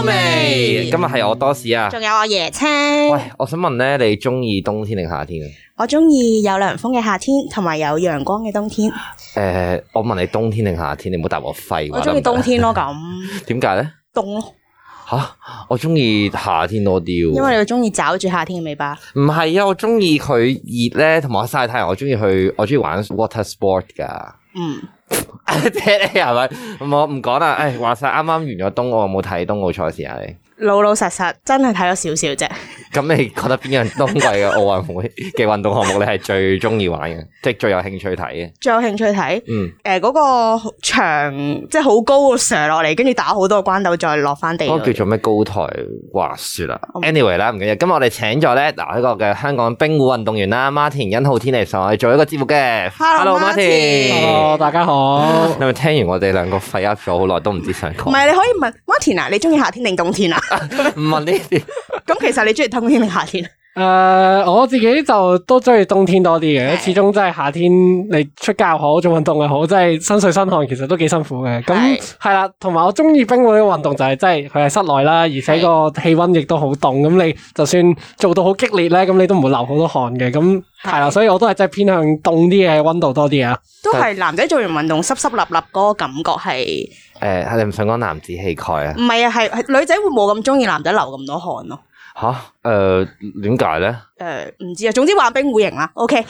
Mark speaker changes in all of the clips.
Speaker 1: 嗯、
Speaker 2: 今日係我多士啊！仲有我椰青。喂，我想問咧，你中意冬天定夏天
Speaker 1: 啊？我中意有涼風嘅夏天，同埋有陽光嘅冬天。
Speaker 2: 誒、呃，我問你冬天定夏天，你唔好答我廢話。我中意冬天咯，咁點解咧？凍咯吓，我中意夏天多啲、啊。因
Speaker 1: 為你中意找住夏天嘅尾巴。
Speaker 2: 唔係啊，我中意佢熱咧，同埋晒太陽。我中意去，我中意玩 water sport 噶。
Speaker 1: 嗯。
Speaker 2: 踢你係咪？我唔講啦。誒，話晒啱啱完咗冬奧，有冇睇冬奧賽事啊？你，試試你？
Speaker 3: 老
Speaker 1: 老實實真係睇咗少少啫。
Speaker 2: 咁你 覺得邊樣冬季嘅奧運會嘅運動項目你係最中意玩嘅，即係最有興趣睇嘅？
Speaker 1: 最有興趣睇。嗯。誒、呃，嗰、那個長即係好高個斜落嚟，跟住打好多個觔斗，再落翻地嗰個、啊、叫做
Speaker 2: 咩？高台滑雪啦。啊嗯、anyway 啦，唔緊要。今日我哋請咗咧嗱，一個嘅香港冰壺運動員啦，Martin 甄浩天嚟上來，我哋做一個節目嘅。Hello，Martin。Hello，大家好。 你咪聽完我哋兩個廢噏咗好耐都唔知想
Speaker 1: 講？唔係，你可以問 Martin 啊，你中意夏天定冬天啊？唔係呢啲，咁 其實你中意冬天定夏天？誒、呃，我自己就都中
Speaker 3: 意冬天多啲嘅，始終真係夏天你出街又好做運動又好，即係身水身汗，其實都幾辛苦嘅。咁係啦，同埋我中意冰壺嘅運動就係即係佢係室內啦，而且個氣温亦都好凍。咁是的 你就算做到好激烈咧，咁你都唔會流好多汗嘅。咁係啦，所以我都係真係偏向凍啲嘅温度多啲啊。對 都係
Speaker 1: 男仔做完運動濕濕立立嗰個感覺係。
Speaker 3: 誒，你唔想講男子氣概啊？
Speaker 1: 唔係啊，係女仔會冇咁中意男仔流咁多汗咯。
Speaker 2: 吓，誒，點解咧？
Speaker 1: 誒，唔知啊。總之玩冰壺型啦。O K，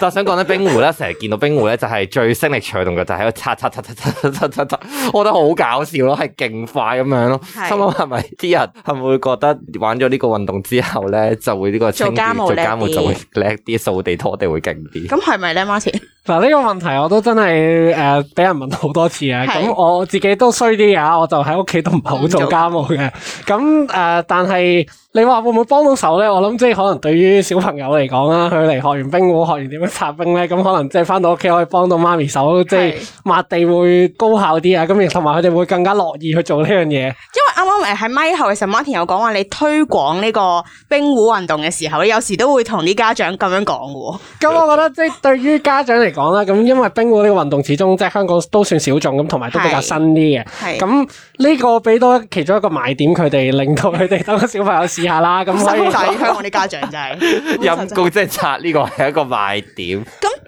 Speaker 2: 就想講啲冰壺咧，成日見到冰壺咧，就係最升力強嘅動作，就係喺度擦擦擦擦擦擦擦，我覺得好搞笑咯，係勁快咁樣咯。心諗係咪啲人係咪會覺得玩咗呢個運動之後咧，就會呢個清潔、做家務就會叻啲，掃地拖地會勁啲？
Speaker 3: 咁係咪咧，Martin？嗱，呢個問題我都真係誒畀人問好多次啊，咁的我自己都衰啲啊，我就喺屋企都唔係好做家務嘅，咁誒、 呃、但係。你話會唔會幫到手咧？我諗即係可能對於小朋友嚟講啦，佢嚟學完冰壺、學完點樣擦冰咧，咁可能即係翻到屋企可以幫到媽咪手，即係
Speaker 1: 抹地會高效啲啊！咁亦同埋佢哋會
Speaker 3: 更加樂意去做呢樣嘢。
Speaker 1: 因為啱啱喺咪後嘅時候，Martin 有講話你推廣呢個冰壺運動嘅時候，有時都會同啲家長咁樣講嘅。
Speaker 3: 咁、嗯、我覺得即係對於家長嚟講啦，咁 因為冰壺呢個運動始終即係香港都算小眾咁，同埋都比較新啲嘅。係咁呢個俾多其中一個賣點，佢哋令到佢哋等個小朋友。試下啦，咁所以香港啲家長、
Speaker 1: 就是、 真係陰功，即係
Speaker 3: 拆呢個係一個賣點。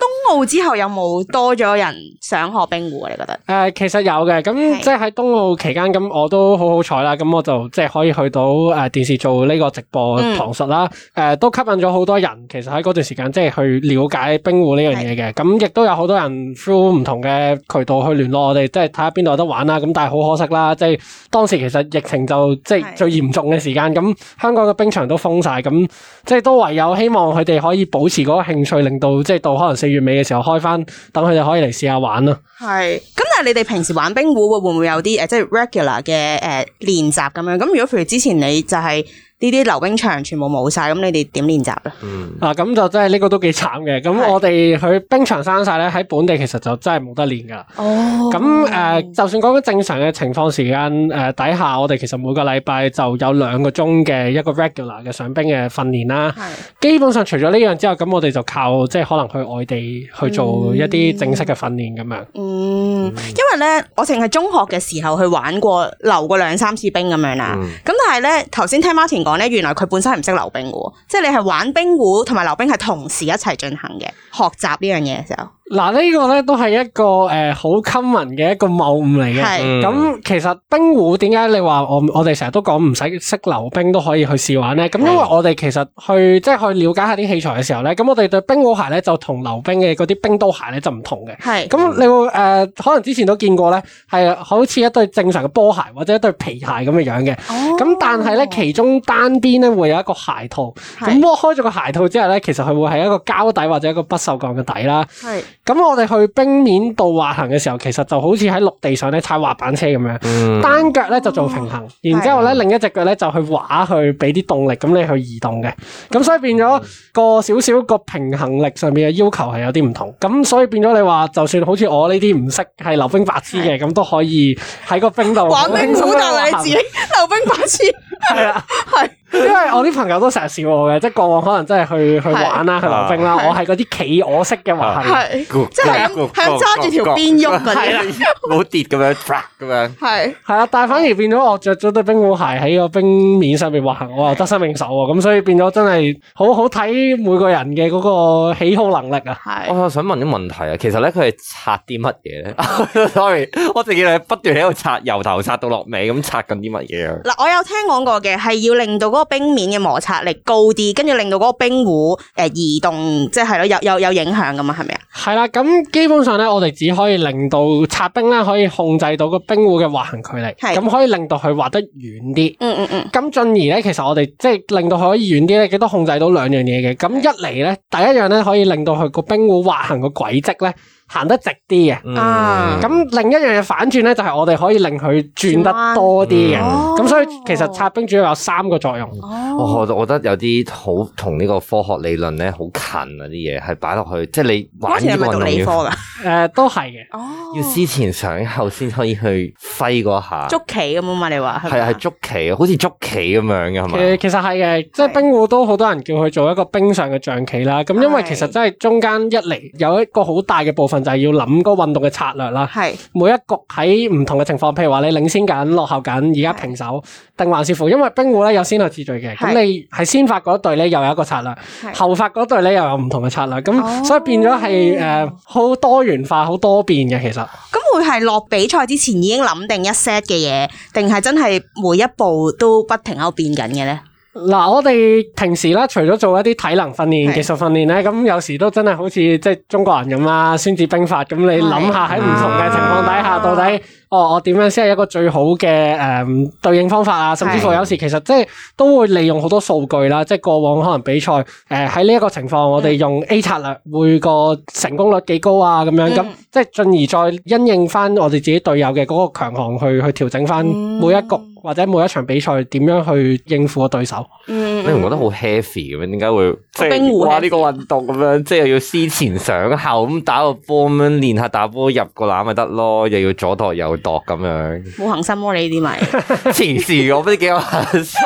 Speaker 1: 之後有冇多咗人想學冰壺啊？你覺得？
Speaker 3: 誒，其實有嘅，咁的即係喺冬奧期間，咁我都好好彩啦。咁我就即係可以去到誒，呃、電視做呢個直播旁述啦。誒，嗯呃，都吸引咗好多人。其實喺嗰段時間，即係去了解冰壺呢樣嘢嘅。咁亦的都有好多人 through 唔同嘅渠道去聯絡我哋，即係睇下邊度有得玩啦。咁但係好可惜啦，即係當時其實疫情就即係最嚴重嘅時間。咁的香港嘅冰場都封晒，咁即係都唯有希望佢哋可以保持嗰個興趣，令到即係到可能四月尾。時候開翻，等佢哋可以嚟試下玩咯。
Speaker 1: 係。咁但係你哋平時玩冰壺會唔會有啲誒，即係 regular 嘅誒練習咁樣。咁如果譬如之前你就係、是。呢啲溜冰場全部冇晒，咁你哋點練習咧？啊、嗯，咁就，就真係呢個都幾慘嘅。咁我哋去冰場閂晒，咧，喺本地其實就真係冇得練㗎啦。哦，
Speaker 3: 咁誒，就算講緊正常嘅情況時間誒底下，我哋其實每個禮拜就有兩個鐘嘅一個 regular 嘅上冰嘅訓練啦。啊、基本上除咗呢樣之後，咁我哋就靠即係可能去外地去做一啲正式嘅訓練咁樣。嗯。嗯
Speaker 1: 嗯，因為咧，我淨係中學嘅時候去玩過溜過兩三次冰咁樣啦。嗯。咁、mm. 但係咧，頭先聽 Martin 講，原來佢本身係唔識溜冰嘅，即係你係玩冰壺同埋溜冰係同時一齊進行嘅學習呢樣嘢嘅時候。嗱，啊這個、呢個咧都係一個誒好
Speaker 3: common 嘅一個謬誤嚟嘅。咁是、嗯、其實冰壺點解，你話我我哋成日都講唔使識溜冰都可以去試玩咧？咁是因為我哋其實去即係去了解下啲器材嘅時候咧，咁我哋對冰壺鞋咧就同溜冰嘅嗰啲冰刀鞋咧就唔同嘅。係咁是你會誒、呃、可能之前都見過咧，係好似一對正常嘅波鞋或者一對皮鞋咁嘅樣嘅。哦，咁但係咧其中單邊咧會有一個鞋套。咁是是剝開咗個鞋套之後咧，其實佢會係一個膠底或者一個不鏽鋼嘅底啦。係是。是咁我哋去冰面度滑行嘅時候，其實就好似喺陸地上咧踩滑板車咁樣，單腳咧就做平衡，然之後咧、嗯、另一隻腳咧就去滑去俾啲動力，咁你去移動嘅。咁所以變咗個少少個平衡力上面嘅要求係有啲唔同。咁所以變咗你話，就算好似我呢啲唔識係溜冰白痴嘅，咁都的可以喺個冰度玩冰壺好，行你自己
Speaker 1: 溜冰白痴係啊，係。 是的
Speaker 3: 因為我啲朋友都成日笑我嘅，即係過往可能真係去去玩啦去溜冰啦，的我係嗰啲企鵝式嘅滑行，即係係揸住條邊喐嘅，冇跌咁樣咁樣，係係啊，但係反而變咗我着咗對冰壺鞋喺個冰面上面滑行，我又得心應手喎，咁所以變咗真係好好睇每個人嘅嗰個喜好能力啊。是的 我又想問啲問題啊，其實咧佢係擦啲乜嘢咧
Speaker 2: ？Sorry，我直見係不斷喺度擦，由頭擦到落尾咁擦緊啲乜嘢啊？
Speaker 1: 嗱， 我有聽講過嘅係要令到冰面嘅摩擦力高啲，跟住令到嗰個冰壺誒、呃、移動，即係咯有有有影響噶嘛，係咪啊？
Speaker 3: 係啦，咁基本上咧，我哋只可以令到擦冰咧，可以控制到個冰壺嘅滑行距離，咁是的 可以令到佢滑得遠啲。嗯嗯嗯。咁進而咧，其實我哋即係令到佢可以遠啲咧，亦都控制到兩樣嘢嘅。咁一嚟咧，是的 第一樣咧可以令到佢個冰壺滑行嘅軌跡咧。行得直啲嘅，咁另一樣嘢反轉咧，就係我哋可以令佢轉得多啲嘅。咁所以其實擦冰主要有三個作用。我我
Speaker 2: 覺得有啲好同呢個科學理論咧好近啊！啲嘢係擺落去，即係你玩呢個運動，誒
Speaker 1: 都係嘅。
Speaker 2: 要思前想後先可以去揮嗰下。捉
Speaker 1: 棋咁啊嘛？你話係啊係
Speaker 2: 捉棋，好似捉棋咁樣嘅係咪？
Speaker 3: 其實係嘅，即係冰壺都好多人叫佢做一個冰上嘅象棋啦。咁因為其實真係中間一嚟有一個好大嘅部分，就係要諗嗰個運動嘅策略啦是，係每一局喺唔同嘅情況，譬如話你領先緊、落後緊、而家平手，定是還是乎因為冰壺咧有先後次序嘅，咁是你係先發嗰隊咧又有一個策略，是後發嗰隊咧又有唔同嘅策略，咁是所以變咗係誒好多元化、好多變嘅其實。
Speaker 1: 咁、哦、會係落比賽之前已經諗定一 set 嘅嘢，定係真係每一步都不停喺度變緊嘅咧？
Speaker 3: 嗱、啊，我哋平時咧，除咗做一啲體能訓練、技術訓練咧，咁是的 有時都真係好似即係中國人咁啦，《孫子兵法》咁，你諗下喺
Speaker 1: 唔同嘅情
Speaker 3: 況底下，的啊、到底哦，我點樣先係一個最好嘅誒、嗯、對應方法啊？甚至乎有時其實即係都會利用好多數據啦，即係過往可能比賽誒喺呢一個情況，我哋用 A 策略會個成功率幾高啊？咁樣咁即係進而再因應翻我哋自己隊友嘅嗰個強項去去調整翻每一局。嗯或者每一場比賽點樣去應付個對手？嗯嗯、你唔覺得好 heavy 嘅咩？點解會
Speaker 2: 冰壺湖啊即？呢個哇運動咁樣，是即係要思前想後咁打個波，咁練下打波入個籃咪得咯？又要左度右度。咁樣，
Speaker 1: 冇恒心咯！你啲咪？
Speaker 2: 前時 我唔知幾有
Speaker 3: 恆
Speaker 1: 心。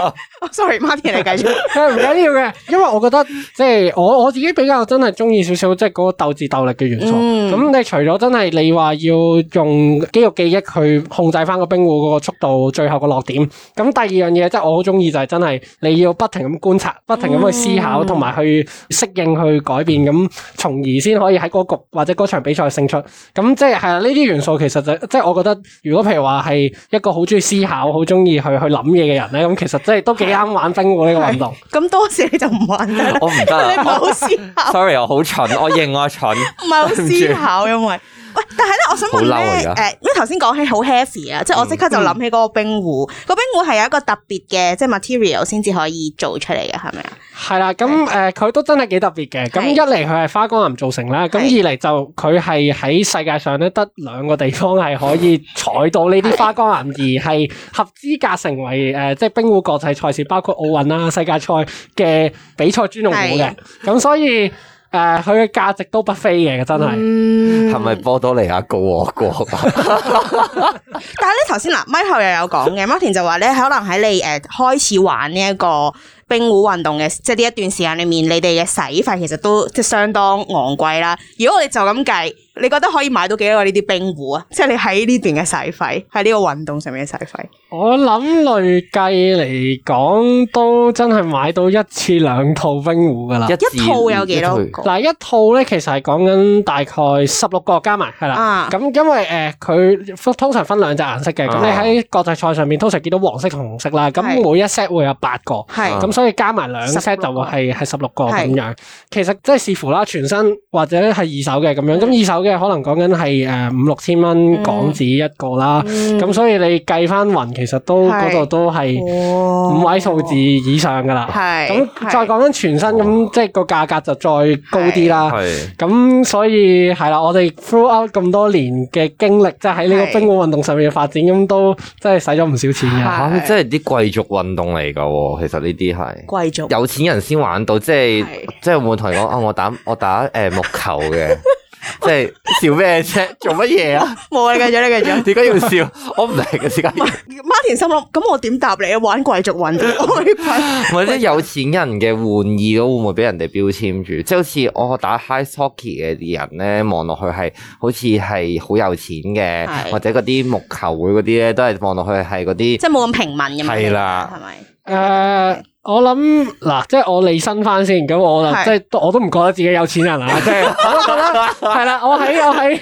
Speaker 1: Sorry，Martin，你繼續。唔 緊要嘅，因為我覺得即係我我自
Speaker 3: 己比較真係中意少少即係嗰個鬥智鬥力嘅元素。咁、嗯、 你除咗真係你話要用肌肉記憶去控制翻個冰壺嗰個速度，最後個落。點咁第二樣嘢，即係我好中意，就係、是、真係你要不停咁觀察，嗯、不停咁去思考，同埋去適應、去改變，咁從而先可以喺嗰局或者嗰場比賽勝出。咁即係係啊，呢啲元素其實就是、即係我覺得，如果譬如話係一個好中意思考、好中意去去諗嘢嘅人咧，咁其實真係都幾啱玩冰壺呢個運動。
Speaker 1: 咁多謝你就唔玩啦，我唔得， 你好思考。
Speaker 2: Sorry，我好蠢，我認我蠢，唔係好 思考，
Speaker 1: 因為。 喂，但係咧，我想問咧，誒在，因為頭先講起好 heavy 啊，即係我即刻就諗起嗰個冰壺，嗯、個冰壺係有一個特別嘅，即係 material 先至可以做出嚟嘅，係咪啊？係啦，咁誒，佢、呃、都真係幾特別嘅。
Speaker 3: 咁是的 一嚟佢係花崗岩造成啦，咁是的 二嚟就佢係喺世界上咧得兩個地方係可以採到呢啲花崗岩，是的 而係合資格成為誒、呃，即係冰壺國際賽事，包括奧運啦、啊、世界賽嘅比賽專用壺嘅。咁所以。
Speaker 1: 的 誒，佢嘅價值都不菲嘅，真係，係咪波多利亞高我過？但係咧，頭先嗱，Michael 又有講嘅，Martin 就話咧，可能喺你誒、呃、開始玩呢一個冰壺運動嘅，即係呢一段時間裏面，你哋嘅使費其實都即係相當昂貴啦。如果我哋就咁計。你覺得可以買到幾多個呢啲冰壺啊？即係你喺呢邊嘅使費，喺呢個運動上面嘅使費。
Speaker 3: 我諗累計嚟講，都真係買到一次兩套冰壺噶啦。一套有幾多？嗱，一套咧，其實係講緊大概十六個加埋。係啦，咁因為誒佢通常分兩隻顏色嘅，咁你喺國際賽上面通常見到黃色同紅色啦。咁每一 set 會有八個，咁所以加埋兩 set 就會係十六個咁樣。其實即係視乎啦，全新或者係二手嘅咁樣。咁二手。即係可能講緊係誒五六千蚊港紙一個啦，咁所以你計翻云，其實都嗰度都係五位數字以上噶啦。係。咁再講緊全身咁，即係個價格就再高啲啦。係咁，所以係啦，我哋 throughout 咁多年嘅經歷，即係喺呢個冰壺運動上面嘅發展，咁都真係使咗唔少錢噶。吓，即係啲貴族運
Speaker 2: 動嚟噶，其實呢啲係貴族，有錢人先玩到，即係即係會唔會同你講啊？我打我打誒木球嘅。 即係笑咩啫？做乜嘢啊？冇啊！ 繼續你繼續，點解 要笑？我唔明點解。
Speaker 1: Martin 心諗咁，我點答你啊？玩貴族混子，oh、
Speaker 2: 或者有錢人嘅玩，玩意，咁會唔會俾人哋標籤住？即係好似我打 high hockey 嘅人咧，望落去係好似係好有錢嘅，或者嗰啲木球會嗰啲咧，都係望落去係嗰啲，即係冇咁
Speaker 1: 平民嘅。係啦，
Speaker 3: 係咪？誒。我諗嗱，即係我理身翻先，咁我就即係我都唔覺得自己有錢人啊，即係我都覺得係啦。我喺我喺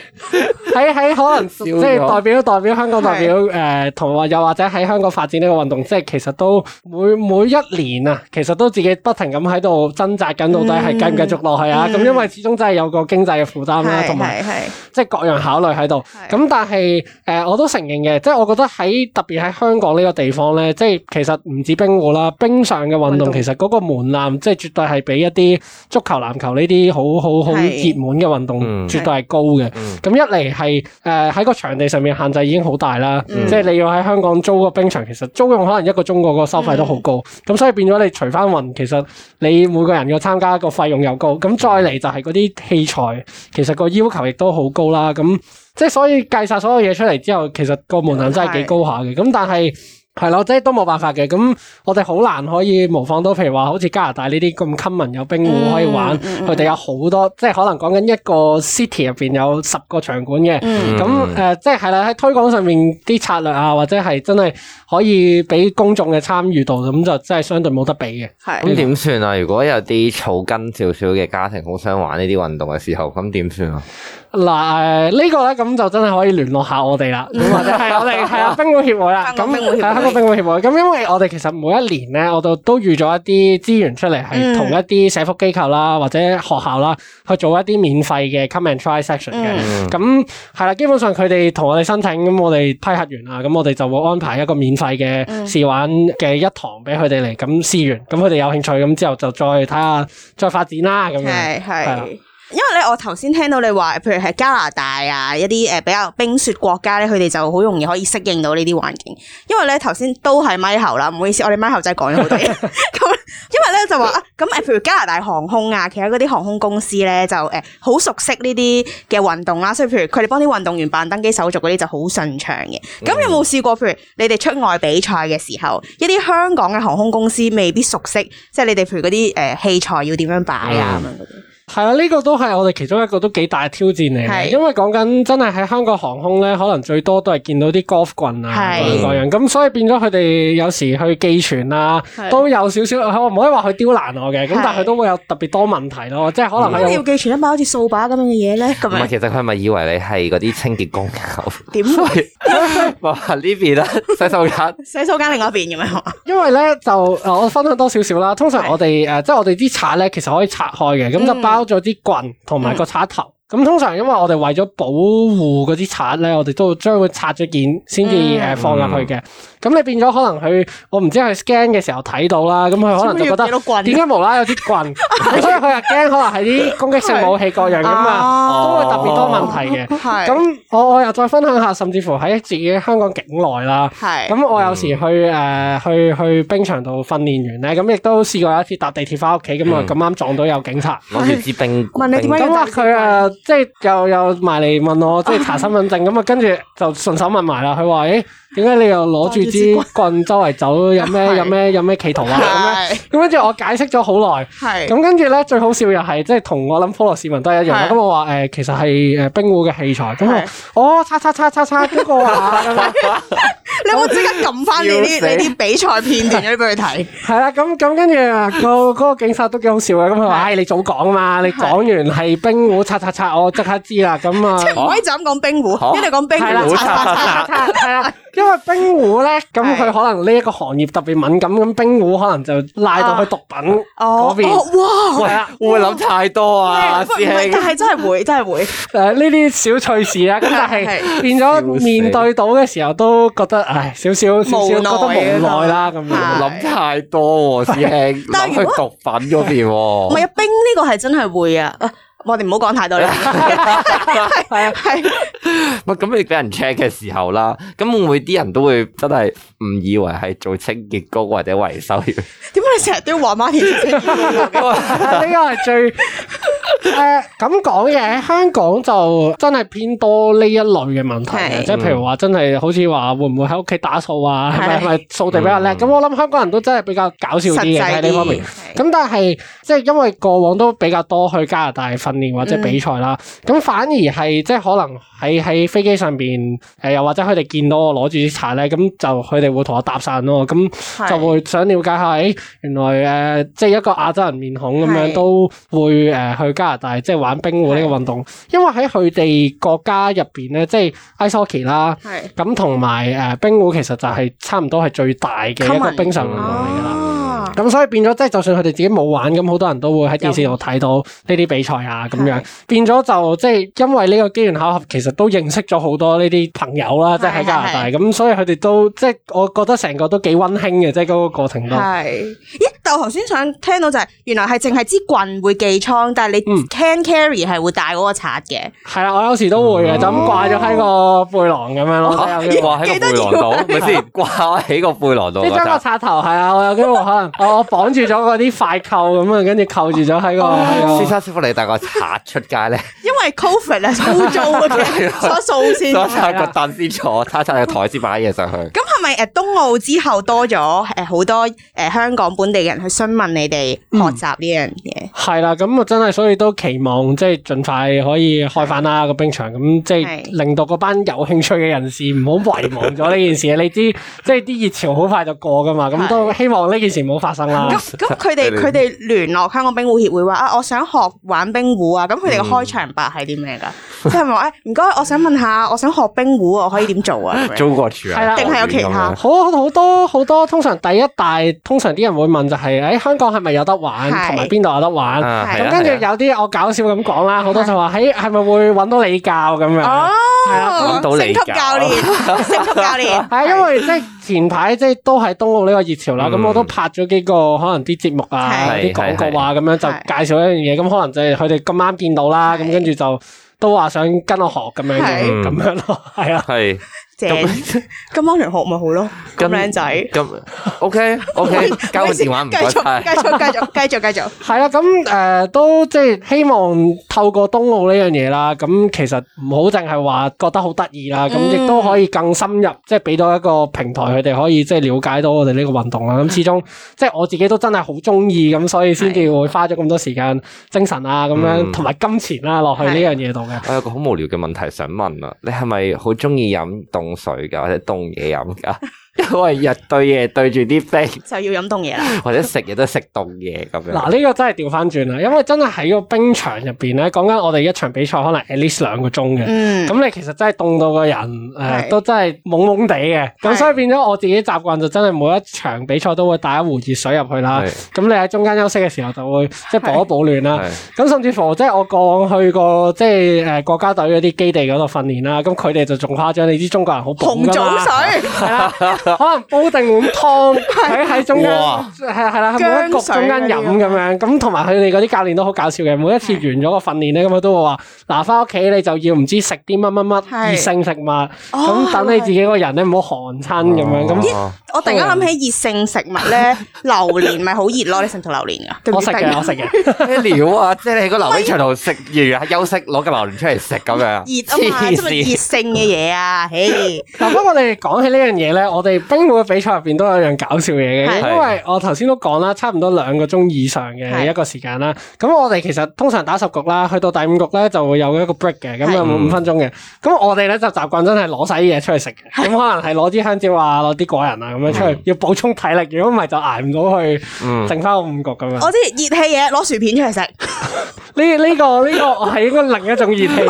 Speaker 3: 喺喺可能即係代表代表香港代表誒，同或又或者喺香港發展呢個運動，即係其實都每每一年啊，其實都自己不停咁喺度掙扎緊到底係繼唔繼續落去啊。咁因為始終真係有個經濟嘅負擔啦，同埋即係各樣考慮喺度。咁但係誒，我都承認嘅，即係我覺得喺特別喺香港呢個地方咧，即係其實唔止冰壺啦，冰上。嘅運動其實嗰個門檻，即係絕對係比一啲足球、籃球呢啲好好好熱門嘅運動，是絕對係高嘅。咁一嚟係誒喺個場地上面限制已經好大啦，嗯、即係你要喺香港租個冰場，其實租用可能一個鐘嗰個收費都好高。咁是所以變咗你除翻運，其實你每個人要參加個費用又高。咁再嚟就係嗰啲器材，其實個要求亦都好高啦。咁即係所以計晒所有嘢出嚟之後，其實個門檻真係幾高下嘅。咁但係。係咯，即係都冇辦法嘅。咁我哋好難可以模仿到，譬如話好似加拿大呢啲咁親民，有冰壺可以玩，佢哋、嗯嗯、有好多，即係可能講緊一個 city 入邊有十個場館嘅。咁誒、嗯呃，即係啦，喺推廣上面啲策略啊，或者係真係可以俾公眾嘅參與度，咁就真係相對冇得比嘅。咁點
Speaker 2: 算啊？如果有啲草根少少嘅家庭，好想玩呢啲運動嘅時候，咁點算啊？
Speaker 3: 嗱，誒呢個咧，咁就真係可以聯絡下我哋啦。咁或者係我哋係啊冰壺協會啦，咁係香港冰壺協會。咁因為我哋其實每一年咧，我哋都預咗一啲資源出嚟，係同一啲社福機構啦，或者學校啦，去做一啲免費嘅 come and try session 嘅。咁係啦，基本上佢哋同我哋申請，咁我哋批核完啦，咁我哋就會安排一個免費嘅試玩嘅一堂俾佢哋嚟咁試完，咁佢哋有興趣，咁之後就再睇下再發展啦。咁樣係啦。嗯
Speaker 1: 因為咧，我頭先聽到你話，譬如喺加拿大啊，一啲誒比較冰雪國家咧，佢哋就好容易可以適應到呢啲環境。因為咧，頭先都係咪喉啦，唔好意思，我哋咪喉真係講咗好多嘢。咁 因為咧就話咁誒，譬如加拿大航空啊，其他嗰啲航空公司咧就誒好熟悉呢啲嘅運動啦、啊。所以譬如佢哋幫啲運動員辦登機手續嗰啲就好順暢嘅。咁、嗯、有冇試過？譬如你哋出外比賽嘅時候，一啲香港嘅航空公司未必熟悉，即係你哋譬如嗰啲誒器材要點樣擺啊咁樣
Speaker 3: 係啊，呢、這個都係我哋其中一個都幾大嘅挑戰嚟，是因
Speaker 1: 為講緊真係
Speaker 3: 喺香港航空咧，可能最多都係見到啲 golf 棍啊各樣，咁是所以變咗佢哋有時去寄存啊，是都有少少，唔可以話佢刁難我嘅，咁是但係佢都會有特別多問題咯，即係可
Speaker 2: 能。點、嗯、你要
Speaker 1: 寄存一包好似掃把咁樣嘅嘢咧？唔係，
Speaker 2: 其實佢咪以為你係嗰啲清潔工狗？
Speaker 1: 點會？我話呢邊啊，洗手間，洗手間另外一邊嘅咩？因為咧
Speaker 3: 就我分享多少少啦，通常我哋誒，是、呃、即係我哋啲刷咧，其實可以拆開嘅，咁就包。咗啲棍同埋個插頭。嗯。咁通常因為我哋為咗保護嗰啲刷咧，我哋都會將佢拆咗件先至誒放入去嘅。咁你變咗可能佢，我唔知佢 scan 嘅時候睇到啦。咁佢可能就覺得點解無啦有啲棍，所以佢就驚可能係啲攻擊性武器各樣咁啊，都會特別多問題嘅。咁我我又再分享下，甚至乎喺自己香港境內啦。咁我有時去誒去去冰場度訓練完咧，咁亦都試過有一次搭地鐵翻屋企咁啊，咁啱撞到有警察攞住支冰，問你點解打佢啊？即係又又埋嚟問我，即係查身份證咁啊，跟住就順手問埋啦。佢話：，誒，點解你又攞住支棍周圍走？有咩有咩有咩企圖啊？咁樣咁跟住我解釋咗好耐。係咁跟住咧，最好笑又係即係同我諗普羅市民都係一樣啦。咁我話：誒，其實係誒冰壺嘅器材。真係哦，叉叉叉叉
Speaker 1: 叉，冰壺啊！你可唔可以即刻撳翻你啲你啲比賽片段嗰啲俾佢睇？
Speaker 3: 係啊，咁咁跟住個個警察都幾好笑嘅。咁佢話：，唉，你早講啊嘛，你講完係冰壺，擦擦擦。我即刻知啦，咁啊，唔可以就
Speaker 1: 咁講冰壺，一定講冰壺？係啦，係啦，
Speaker 3: 因為冰壺咧，咁佢可能呢一個行業特別敏感，咁冰壺可能就拉到去毒品嗰邊。哇，會唔會諗太多啊，師兄？但係真係會，真係會。誒，呢啲小趣事啊，咁但係變咗面對到嘅時候，都覺得唉，少少少少覺得無奈啦。咁樣諗
Speaker 2: 太多，師兄諗去毒品嗰邊。唔係
Speaker 1: 啊，冰呢個係真係會啊。我哋唔好講太多啦。 係啊，
Speaker 2: 係。咁你俾人 check 嘅時候啦，咁會唔會啲人都會真係誤以為係做清潔工或者維修員？
Speaker 1: 點解你成日都要話媽呢個係最。
Speaker 3: 誒，咁講嘢，香港就真係偏多呢一類嘅問題，即係譬如話真係好似話會唔會喺屋企打掃啊？係咪係掃地比較叻？咁、嗯、我諗香港人都真係比較搞笑啲嘅喺呢方面。咁是但係即係因為過往都比較多去加拿大訓練或者比賽啦，咁、嗯、反而係即係可能喺喺飛機上邊誒，又、呃、或者佢哋見到我攞住啲茶咧，咁就佢哋會同我搭訕咯，咁就會想了解下、哎，原來誒、呃，即係一個亞洲人面孔咁樣是都會誒去加。但係即係玩冰壺呢個運動，是的 因為喺佢哋國家入邊咧，即係 ice hockey 啦，係咁同埋誒冰壺其實就係差唔多係最大嘅一個冰上運動嚟
Speaker 1: 噶啦。
Speaker 3: 咁、啊、所以變咗即係，就算佢哋自己冇玩，咁好多人都會喺電視度睇到呢啲比賽啊咁樣。是的 變咗就即係因為呢個機緣巧合，其實都認識咗好多呢啲朋友啦，是的 即係喺加拿大咁，是的 所以佢哋都即係我覺得成個都幾温馨嘅，即係嗰個過程都係。
Speaker 1: 但我頭先想聽到就係原來係淨係支棍會寄倉，但係你 can carry 係會帶嗰個刷嘅。係啦，我有時都會嘅，就咁掛咗喺個
Speaker 3: 背囊咁樣咯。掛喺個背囊度，唔係先
Speaker 2: 掛喺個背囊度？你將個
Speaker 1: 刷頭係啊，我
Speaker 3: 有機會可能我綁住咗嗰啲快扣咁樣，跟住扣住咗喺個。先生，先生，你帶個刷出街咧？
Speaker 1: 因為 covid 啊，操縱嘅，數先。刷個
Speaker 2: 凳先坐，刷刷個台先擺嘢上去。
Speaker 1: 咁係咪誒冬奧之後多咗誒好多誒香港本地嘅？去詢問你哋學習呢樣嘢，係啦、嗯，咁我真係所以都
Speaker 3: 期望即係盡快可以開翻啦的個冰場，咁即係令到嗰班有興趣嘅人士唔好遺忘咗呢件事。 你知即係啲熱潮好快就過噶嘛，咁的都希望呢件事唔好發生啦。咁佢哋佢哋
Speaker 1: 聯絡香港冰壺協會話啊，我想學玩冰壺啊，咁佢哋嘅開場白係啲咩㗎？即係話誒唔該，我想問下，我想學冰壺我可以點做啊？租個場係啦，定係有其他？好好多好多，通常第一大
Speaker 3: 通常啲人會問就係。係，喺香港係咪有得玩？同埋邊度有得玩？咁跟住有啲我搞笑咁講啦，好多就話喺係咪會搵到你教咁樣？係啊，星級教練，
Speaker 2: 星級教練，
Speaker 3: 係因為即係前排即係都係冬奧呢個熱潮啦。咁我都拍咗幾個可能啲節目啊，啲廣告啊咁樣就介紹一樣嘢。咁可能就係佢哋咁啱見到啦。咁跟住就都話想跟我學咁樣，咁樣咯，係啊。
Speaker 1: 咁啱人學咪好咯，咁靚仔，咁、 嗯、OK OK，交換電話唔該，繼續繼續繼續繼續，
Speaker 3: 係啦，咁誒都即係希望透過冬奧呢樣嘢啦，咁其實唔好淨係話覺得好得意啦，咁亦都可以更深入，即係俾到一個平台佢哋可以即係了解到我哋呢個運動啦。咁始終即係我自己都真係好中意咁，所以先至會花咗咁多時間、精神啊，咁樣同埋、嗯、金錢啦落去呢樣嘢度嘅。我
Speaker 2: 有個好無聊嘅問題想問啊，你係咪好中意飲凍水噶，或者凍嘢飲噶？因為日對夜對住啲冰，就要飲凍嘢啦，或者食嘢都食凍嘢咁樣。嗱，
Speaker 3: 呢個真係調翻轉啦，因為真係喺個冰場入邊咧，講緊我哋一場比賽可能 at least 兩個鐘嘅，咁你其實真係凍到個人，誒，都真係懵懵地嘅。咁所以變咗我自己習慣就真係每一場比賽都會帶一壺熱水入去啦。咁你喺中間休息嘅時候就會即係保一保暖啦。咁甚至乎即係我過往去過即係誒國家隊嗰啲基地嗰度訓練啦，咁佢哋就仲誇張，你知中國人好補噶啦。可能煲定碗湯，喺喺中間，係係啦，喺每一局中間飲咁樣，咁同埋佢哋嗰啲教練都好搞笑嘅，每一次完咗個訓練咧，咁啊都會話，嗱，翻屋企你就要唔知食啲乜乜乜熱性食物，咁等你自己個人咧唔好寒親咁樣。咁我突然間
Speaker 1: 諗起熱性食物咧，榴蓮咪好熱咯，你食唔食榴蓮噶？我食嘅，我食嘅。哇，即係你喺個溜冰場度食
Speaker 2: 完休息攞個榴蓮出嚟食咁樣。熱啊嘛，即係熱
Speaker 1: 性嘅嘢啊，唉。
Speaker 3: 嗱，不過我哋講起呢樣嘢咧，我哋。冰壺嘅比賽入邊都有一樣搞笑嘢嘅。是因為我頭先都講啦，差唔多兩個鐘以上嘅一個時間啦。咁是我哋其實通常打十局啦，去到第五局咧就會有一個 break 嘅，咁有冇五分鐘嘅。咁、嗯、我哋咧就習慣真係攞晒啲嘢出去食嘅，咁是可能係攞啲香蕉啊，攞啲果仁啊咁樣出去，是要補充體力。如果唔係就挨唔到去，嗯、剩翻五局咁樣。我
Speaker 1: 知熱氣嘢，啊，攞薯片出嚟食。呢，呢個呢個係應該另一種熱氣，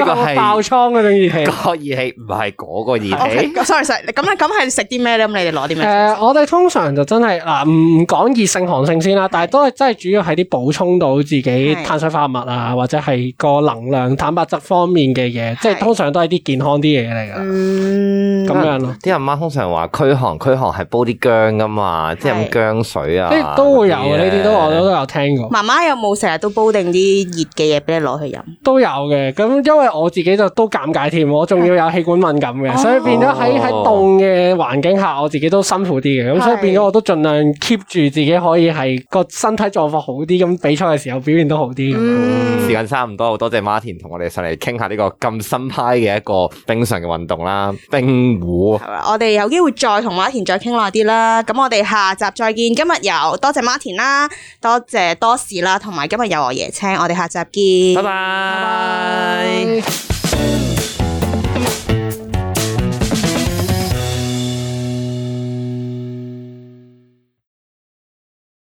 Speaker 1: 呢個係爆
Speaker 3: 倉嗰種熱氣。個熱氣唔係
Speaker 1: 嗰個熱氣。sorry，食咁啊，咁係食啲咩咧？咁你哋攞啲咩？誒，我哋通常就真係嗱，
Speaker 3: 唔唔，講熱性寒性先啦，但係都係真係主要係啲補充到自己碳水化合物啊，或者係個能量、蛋白質方面嘅嘢，即係通常都係啲健康啲嘢嚟㗎。嗯，
Speaker 1: 咁樣咯。
Speaker 3: 啲阿媽通常話驅寒，驅寒係煲啲薑㗎嘛，即係薑水啊。
Speaker 1: 誒，都會有呢啲，都我都有聽過。媽媽有冇成日都煲定？啲熱嘅嘢俾你攞去飲
Speaker 3: 都有嘅，咁因為我自己就都尷尬添，我仲要有氣管敏感嘅，的所以變咗喺喺凍嘅環境下，我自己都辛苦啲嘅，咁的所以變咗我都盡量 keep 住自己可以係個身體狀況好啲，咁比賽嘅時候表現都好啲。嗯、
Speaker 2: 時間差唔多，好多謝 Martin 同我哋上嚟傾下呢個咁新派嘅一個冰上嘅運動啦，冰壺。係
Speaker 1: 我哋有機會再同馬田再傾耐啲啦。咁我哋下集再見。今日有多謝 Martin 啦，多謝多士啦，同埋今日有我椰青聽我哋下集見，拜拜。